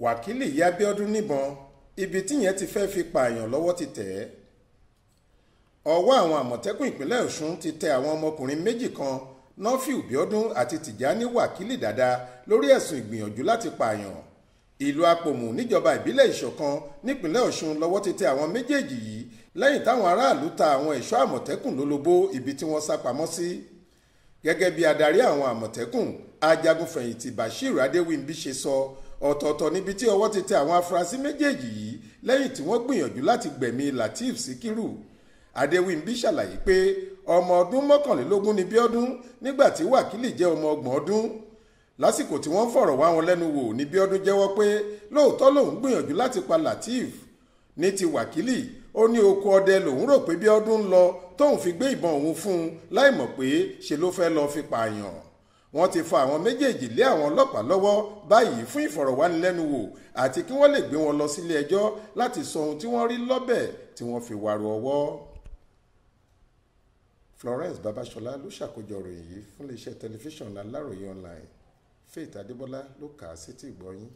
wákìlì ìyá Abíọ́dún níbọn ibi tíyẹn ti fẹ́ fi pààyàn lọ́wọ́ ti tẹ̀ ẹ́ ọwọ́ àwọn àmọ̀tẹ́kùn ìpínlẹ̀ Ọ̀ṣun ti tẹ àwọn ọmọkùnrin méjì kan Nọ́fíù Bíọ́dún àti Tìjání Wákìlì Dàda lórí ẹ̀sùn ìgbìyànjú láti pààyàn ìlú Apòmù níjọba ìbílẹ̀ Ìṣọ̀kan nípínlẹ̀ Ọ̀ṣun lọ́wọ́ ti tẹ àwọn méjèèjì yìí lẹ́yìn táwọn aráàlú ta àwọn ẹ̀ṣọ́ àmọ̀tẹ́kùn lólobó ibi tí wọ́n sá pamọ́ sí gẹ́gẹ́ bí adarí àwọn àmọ̀tẹ́kùn ajagunfẹ̀yìntì Bashir Adéwìnbí ṣe sọ ọ̀tọ̀ọ̀tọ̀ níbi tí ọwọ́ ti tẹ àwọn afurasí méjèèjì yìí lẹ́yìn tí wọ́n gbìyànjú láti gbẹ̀mí Lateef Síkírù Adéwìnbí ṣàlàyé pé ọmọ ọdún mọ́kànlélógún ni Bíọ́dún nígbà tí Wákìlì jẹ́ ọmọ ọgbọ̀n ọdún lásìkò tí wọ́n fọ̀rọ̀ wá wọn lẹ́nu wò ní Bíọ́dún jẹ́wọ́ pé lóòótọ́ lòun gbìyànjú láti pa Lateef ní ti Wákìlì ó ní oko ọdẹ lòun rò pé Bíọ́dún ń lọ tóun fi gbé ìbọn òun fún un láìmọ̀ pé ṣe ló fẹ́ lọ́ọ́ fi pààyàn wọ́n ti fa àwọn méjèèjì lé àwọn ọlọ́pàá lọ́wọ́ báyìí fún ìfọ̀rọ̀wánilẹ́nuwò àti kí wọ́n lè gbé wọn lọ sílé ẹjọ́ láti sọ ohun tí wọ́n rí lọ́bẹ̀ tí wọ́n fi wàrò ọwọ́. Florence Babasola ló ṣàkójọ ìròyìn yìí fún iléeṣẹ́ tẹlifíṣàn Aláròye online Faith Adébọlá ló kà á sétí ìgbọ́ yín.